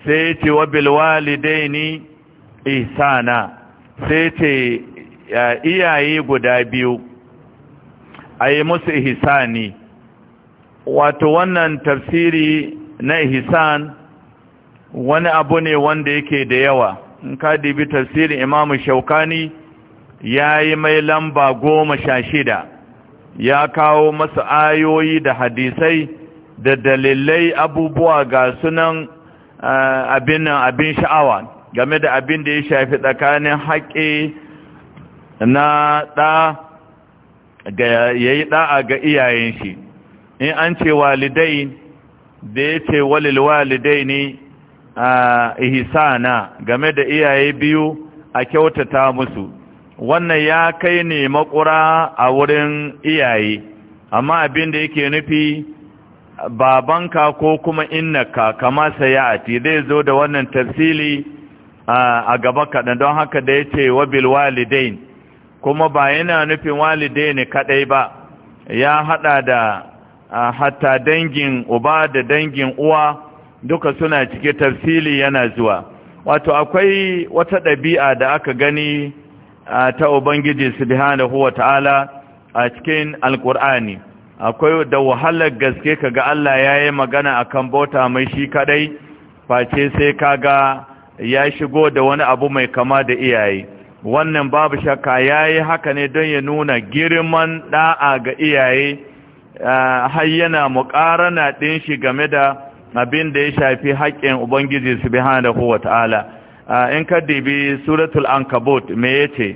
sai ce wa ni isana sai ce iyaye guda biyu ayi musu ihsani wato wannan tafsiri na ihsan wani abu ne wanda yake da yawa in ka dibi tafsirin imamu shaukani ya yi mai lamba goma sha shida ya kawo masu ayoyi da hadisai da dalilai abubuwa ga sunan Eh, abin nan abin sha'awa game da abin da ya shafi tsakanin haƙƙi na ɗa ga yi ɗa'a ga iyayen shi in an ce walidai da ya ce walil walidai ne a eh, ihisana game da iyaye biyu a kyautata musu wannan ya kai ne makura a wurin iyaye amma abin da yake nufi babanka ko kuma innaka kama sayati zai zo da wannan tafsili a gaba kaɗan don haka da yace ce wabil walidain kuma ba yana nufin ne kaɗai ba ya haɗa da hatta dangin uba da dangin uwa duka suna cike tafsili yana zuwa wato akwai wata ɗabi'a da aka gani ta ubangiji subhanahu ta'ala a cikin alkur'ani akwai da wahalar gaske ka ga Allah ya yi magana a kan bauta mai shi kadai face sai ka ga ya shigo da wani abu mai kama da iyaye wannan babu shakka ya yi haka ne don ya nuna girman da'a ga iyaye har yana mukarana ɗin shi game da abin da ya shafi haƙƙin ubangiji su bi hana da ta'ala in ka dibi suratul ankabot me ya ce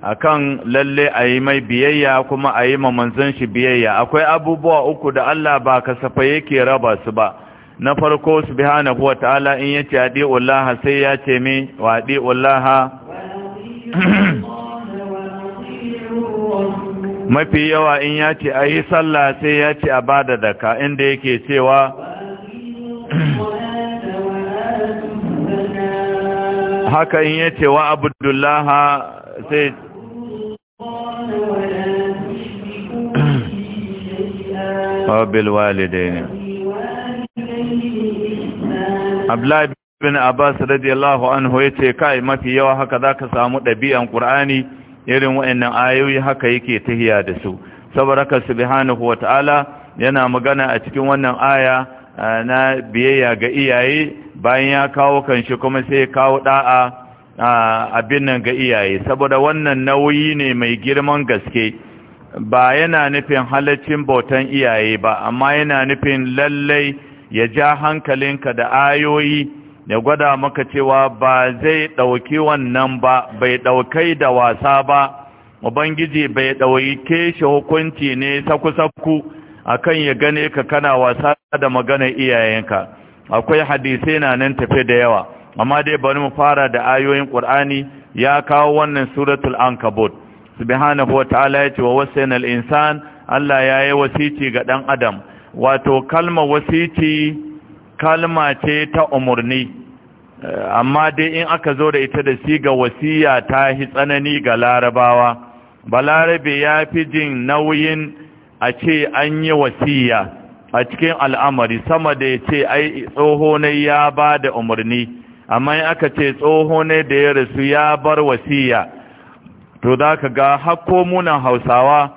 akan lalle a yi mai biyayya kuma a yi mamanzan shi biyayya akwai abubuwa uku da Allah ba kasafa yake raba su ba na farko subhanahu wa ta'ala in yace adi'ullaha sai ya ce me wa adi'ullaha mafi yawa in ya ce a yi sallah sai ya ce a da daka inda yake cewa haka in ya ce wa abdullaha sai وبالوالدين Abdullahi bin Abbas radiyallahu anhu ce kai mafi yawa haka zaka samu ɗabi'an Kur'ani? irin waɗannan ayoyi haka yake tahiya da su saboda ka subhanahu ta'ala yana magana a cikin wannan aya eh, na biyayya ga iyaye bayan ya kawo kanshi kuma sai ya kawo ɗa'a. abin nan ga iyaye saboda wannan nauyi ne mai girman gaske ba yana nufin halaccin bautan iyaye ba amma yana nufin lallai ya ja hankalinka da ayoyi ya gwada maka cewa ba zai ɗauki wannan ba bai ɗaukai da wasa ba ubangiji bai ɗauke shi hukunci ne saku-saku akan ya gane ka kana wasa da magana iyayenka akwai hadisai na nan tafe da yawa amma dai bari mu fara da ayoyin Qur'ani ya kawo wannan suratul ankabut subhanahu wa ta'ala yace wa wasainal insan Allah ya yi wasici ga dan adam wato kalma wasici kalma ce ta umurni amma dai in aka zo da ita da shi ga wasiya ta hi tsanani ga larabawa balarabe ya fi jin nauyin a ce an yi wasiya a cikin al'amari sama da ya ce ai tsoho ne ya ba da umarni amma in aka ce tsoho ne da ya rasu ya bar wasiya to za ka ga hakko munan hausawa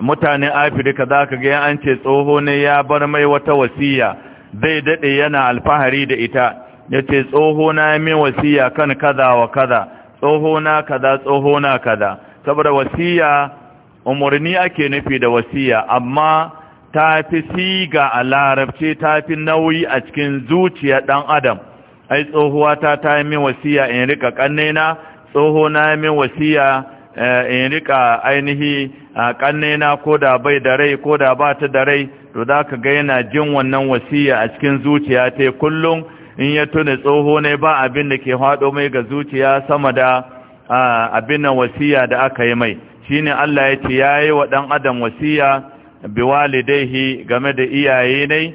mutane afirka za ka ga an ce tsoho ne ya bar mai wata wasiya zai daɗe yana alfahari da ita ya ce tsoho na ya min wasiya kan kada wa kada tsoho na kada tsoho na kada saboda wasiya umarni ake nufi da wasiya amma ta fi siga a larabci ta fi nauyi a cikin zuciya ɗan adam ai tsohuwata ta yi min wasiya in rika kannena tsoho na yi min wasiya eh, in rika ainihi kannena ko da bai da rai ko da ba ta da rai to za ka ga yana jin wannan wasiya a cikin zuciya ta kullum in ya tuni tsoho ne ba abin da ke haɗo mai ga zuciya sama da abin wasiya da aka yi mai shine Allah ya ce ya yi wa ɗan adam wasiya biwalidaihi game da iyaye ne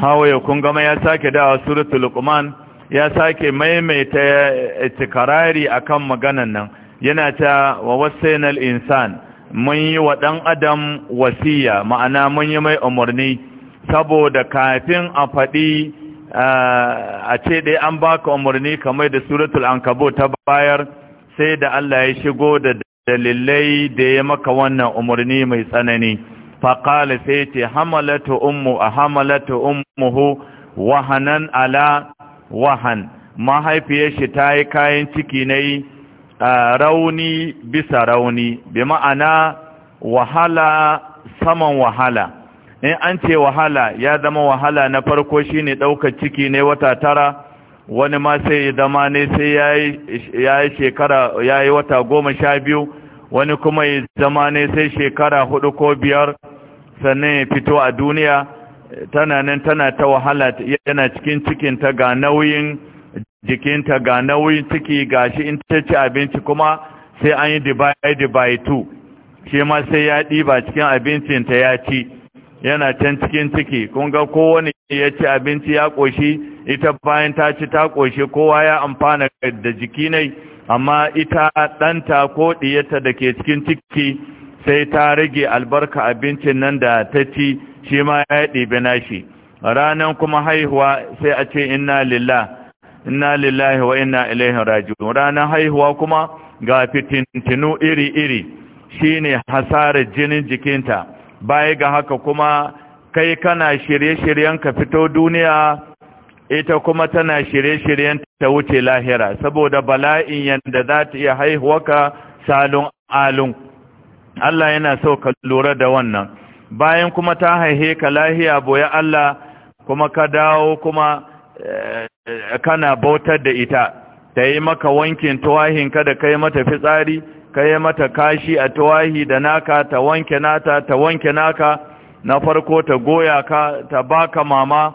hawaye kun gama ya sake dawa suratul luqman ya sake maimaita tikarari akan maganan nan yana ta wa wasainal insan mun yi wa dan adam wasiya ma'ana mun yi mai umarni saboda kafin a faɗi eh, a ce dai an baka umarni kamar da suratul ankabo ta bayar sai da Allah ya shigo da dalilai da ya maka wannan umarni mai tsanani faƙala sai ce hamalatu ummu a hamalatu ummuhu wahanan ala wahan mahaifiyar ta yi kayan ciki na yi rauni bisa rauni bi ma'ana wahala saman wahala in an ce wahala ya zama wahala na farko shine ɗaukar ciki ne wata tara wani ma sai ya zama ne sai ya yi shekara ya yi wata goma sha biyu wani kuma ya zama ne sai shekara hudu ko biyar sannan ya fito a duniya tana nan tana ta wahala yana cikin cikinta ga nauyin jikinta ga nauyin ciki ga shi in ta ci abinci kuma sai an yi divide by two shi ma sai ya ɗiba cikin abincinta ya ci yana can cikin ciki kun ga kowane ya ci abinci ya ƙoshi ita bayan ta ci ta ƙoshi kowa ya amfana da jiki ne amma ita ɗanta ko ɗiyarta da ke cikin ciki sai ta rage albarka abincin nan da ta ci shi ma ya ɗebe nashi ranan kuma haihuwa sai a ce inna lillah inna lillahi wa inna ilaihi raji'un ranan haihuwa kuma ga fitintinu iri-iri shine hasarar jinin jikinta baya ga haka kuma kai kana shirye-shiryen ka fito duniya ita kuma tana shirye-shiryen ta wuce lahira saboda bala'in yanda za ta iya haihuwa ka salon alun Allah yana so ka lura da wannan bayan kuma ta haihe ka lahiya boye Allah kuma ka dawo kuma eh, kana bautar da ita ta yi maka wankin tuwahinka da yi mata fitsari ka yi mata kashi a tuwahi da naka ta wanke nata ta wanke naka na farko ta goya ka ta baka mama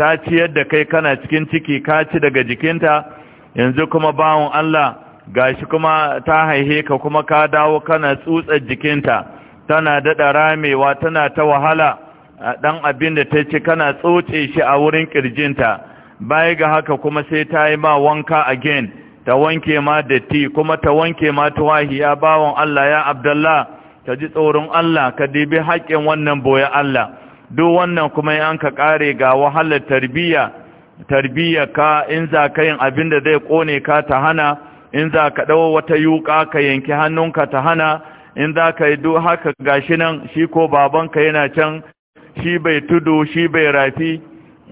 ta ciyar da kai kana cikin ciki ka ci daga jikinta yanzu kuma bawon Allah gashi kuma ta haihe ka kuma ka dawo kana tsutsar jikinta tana daɗa ramewa tana ta wahala a ɗan abin da ta ce kana tsotse shi a wurin ƙirjinta baya ga haka kuma sai ta yi ma wanka again ta wanke ma datti kuma ta wanke ma tuwahi ya bawon Allah ya Abdullah ta ji tsoron Allah ka dibi haƙƙin wannan boye Allah duk wannan kuma in ka ƙare ga wahalar tarbiyya tarbiyya ka in za ka yin abin da zai kone ka ta hana in za ka ɗau wata yuƙa ka yanki hannunka ta hana in za ka yi duk haka gashi nan shi ko babanka yana can shi bai tudu shi bai rafi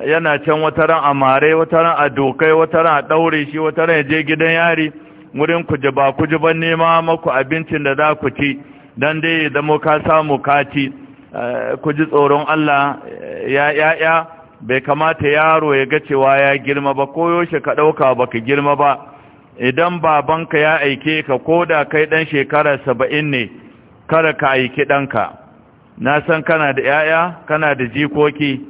yana can wata ran a mare wata ran a dokai wata ran a ɗaure shi wata ran ya je gidan yari wurin ku ji ba ku ji ban nema maku abincin da za ku ci don dai ya zamo ka samu kaci eh, ku ji tsoron Allah ya ya bai kamata yaro ya ga cewa ya girma ba ko yaushe ka ɗauka ba ka girma ba idan babanka ya aike ka ko da kai ɗan shekara saba'in ne kada ka aiki ɗanka na san kana da ‘ya'ya kana da jikoki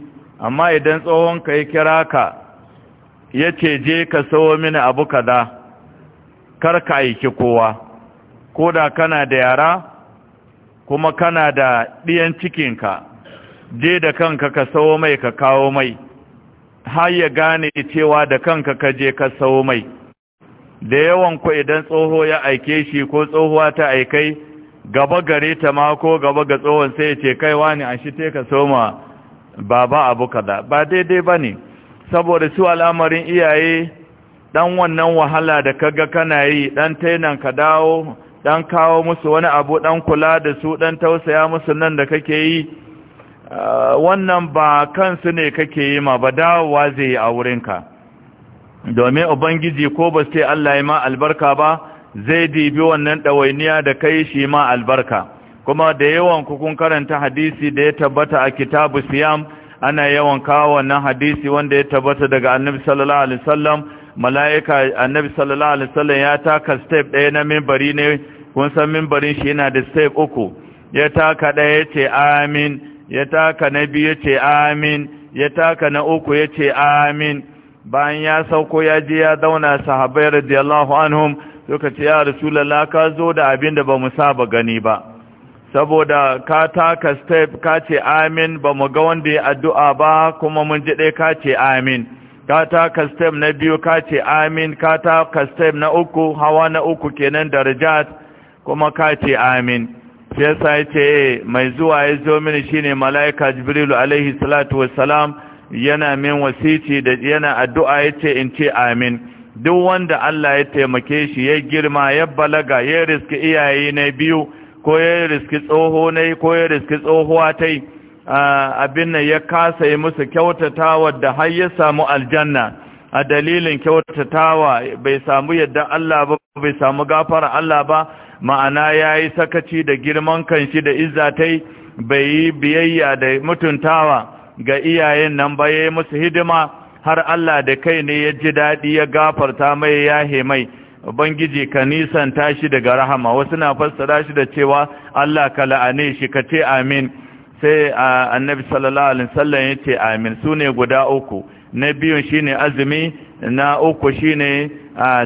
amma idan tsohonka ya kira ka ya ce je ka sawo mini abu kada kar ka aiki kowa ko da kana da yara kuma kana da ɗiyan cikinka je da kanka ka sawo mai ka kawo mai har ya gane cewa da kanka ka je ka sawo mai da yawan ku idan tsoho ya aike shi ko tsohuwa ta aikai gaba gare ta ma ko gaba ga tsohon sai ya ce kai wani an shi te ka soma baba abu kaza ba daidai ba ne saboda su al'amarin iyaye dan wannan wahala da kaga kana yi dan tainan ka dawo dan kawo musu wani abu dan kula da su dan tausaya musu nan da kake yi wannan ba kansu ne kake yi ma ba dawowa zai yi a wurinka domin ubangiji ko ba sai Allah ya ma albarka ba zai dibi wannan ɗawainiya da kai shi ma albarka kuma da yawan kun karanta hadisi da ya tabbata a kitabu siyam ana yawan kawo wannan hadisi wanda ya tabbata daga annabi sallallahu alaihi wasallam mala'ika annabi sallallahu alaihi wasallam ya taka step ɗaya na minbari ne kun san minbarin shi yana da step uku ya taka ɗaya ya amin ya taka na biyu ya amin ya taka na uku yace ce amin bayan ya sauko ya je ya zauna sahabbai radiyallahu anhum suka ce ya rasulullah ka zo da abin da bamu saba gani ba saboda ka taka step ka ce amin bamu ga wanda ya addu'a ba kuma mun ji dai ka ce amin ka taka step na biyu ka ce amin ka taka step na uku hawa na uku kenan darajat kuma ka ce amin sai sai ce eh, mai zuwa ya zo mini shine malaika jibrilu alaihi salatu wassalam yana min wasici da yana addu'a yace in ce amin duk wanda Allah ya taimake shi ya girma ya balaga ya riski iyaye na biyu ko ya riski tsoho na ko ya riski tsohuwa ta abin nan ya kasa yi musu kyautatawa da har ya samu aljanna a dalilin kyautatawa bai samu yadda Allah ba bai samu gafara Allah ba ma'ana yayi sakaci da girman kanshi da izzatai bai yi biyayya da mutuntawa ga iyayen nan ba ya yi musu hidima har Allah da kai ne ya ji daɗi ya gafarta mai yahe mai Ubangiji ka nisan tashi daga rahama wasu na fassara shi da cewa Allah ka la'ane shi ka ce amin sai annabi sallallahu alaihi wasallam ya ce amin su ne guda uku na biyun shine azumi na uku shine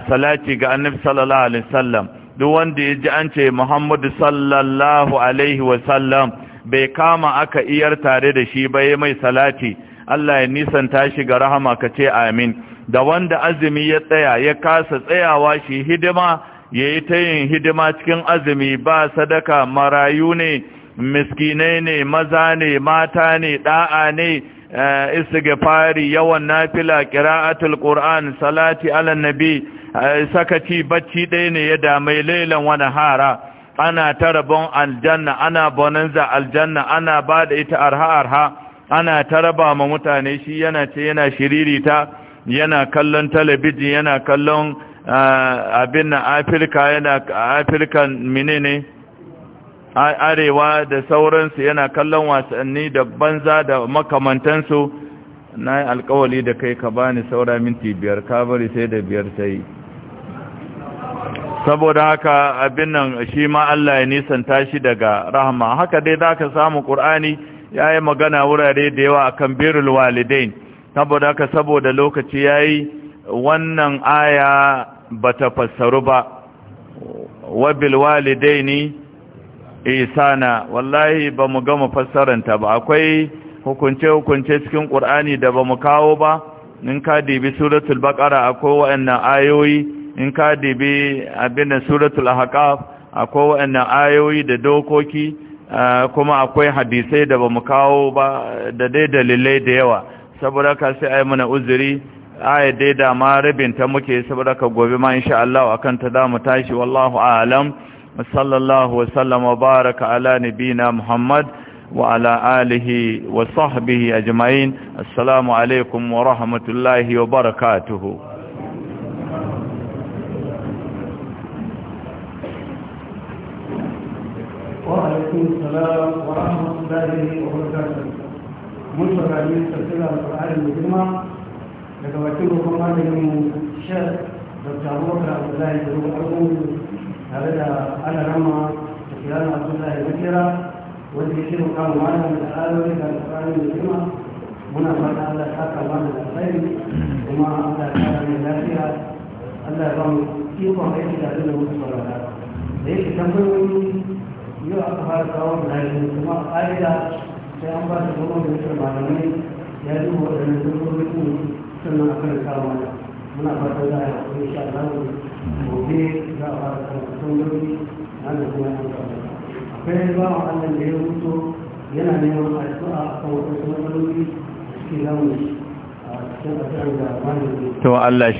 salati ga annabi sallallahu alaihi wasallam duk wanda ya ji an ce Muhammadu sallallahu alaihi wasallam bai kama aka iyar tare da shi ba mai salati Allah ya nisanta shi ga rahama ka ce amin da wanda azumi ya tsaya ya kasa tsayawa shi hidima ya yi ta yin hidima cikin azumi ba sadaka marayu ne miskinai ne maza ne mata ne da'a ne eh, istighfari yawan nafila qira'atul qur'an salati alannabi nabi eh, sakaci bacci ɗaya ne ya damai lailan wani hara ana tarabon aljanna ana bonanza aljanna ana ba da ita arha-arha ana taraba ma mutane shi yana ce yana shiririta yana kallon talabijin yana kallon abin na afirka yana afirkan menene arewa da sauransu yana kallon wasanni da banza da makamantansu na yi alkawali da kai ka bani saura minti biyar kabari sai da biyar sai. saboda haka abin nan shi ma Allah ya nisanta shi daga rahama haka dai zaka samu ƙur'ani yayi magana wurare da yawa a kan birin walidain saboda haka saboda lokaci yayi yi wannan aya ba ta fassaru ba bil walidaini isana wallahi ba mu gama fassaranta ba akwai hukunce-hukunce cikin ƙur'ani da ba mu kawo ba in ka dibi suratul baƙara akwai waɗannan ayoyi in ka dibi abin suratul ahqaf akwai waɗannan ayoyi da dokoki kuma akwai hadisai da bamu kawo ba da dai dalilai da yawa saboda ka sai ai mana uzuri aya dai da ma rabin ta muke saboda ka gobe ma insha Allah akan ta da mu tashi wallahu a'lam sallallahu wa sallama baraka ala nabina muhammad وعلى آله وصحبه أجمعين alaikum wa rahmatullahi wa وبركاته السلام ورحمة الله وبركاته من فرعين تفسير القرآن المجمع لتوكيل كما لهم الشيخ دكتور بكر عبد الله بن أرجو هذا أنا رمى سفيان عبد الله بكرة والذكر قام معنا من الآلوي القرآن المجمع muna fata Allah ta kama da alkhairi kuma Allah ta kama da lafiya Allah ya ba mu ikon aiki da abin da muka saurara da yake tambayoyi yau aka fara kawo bayanai kuma ƙa'ida sai an ba goma da ya yi wa waɗannan dokokin sannan a kan kawo mana muna fata za a yi hakuri sha gobe za a fara na da kuma akwai ba wa da ya rubuto yana neman addu'a a kan da suke zamu a cikin ƙasar da to Allah shi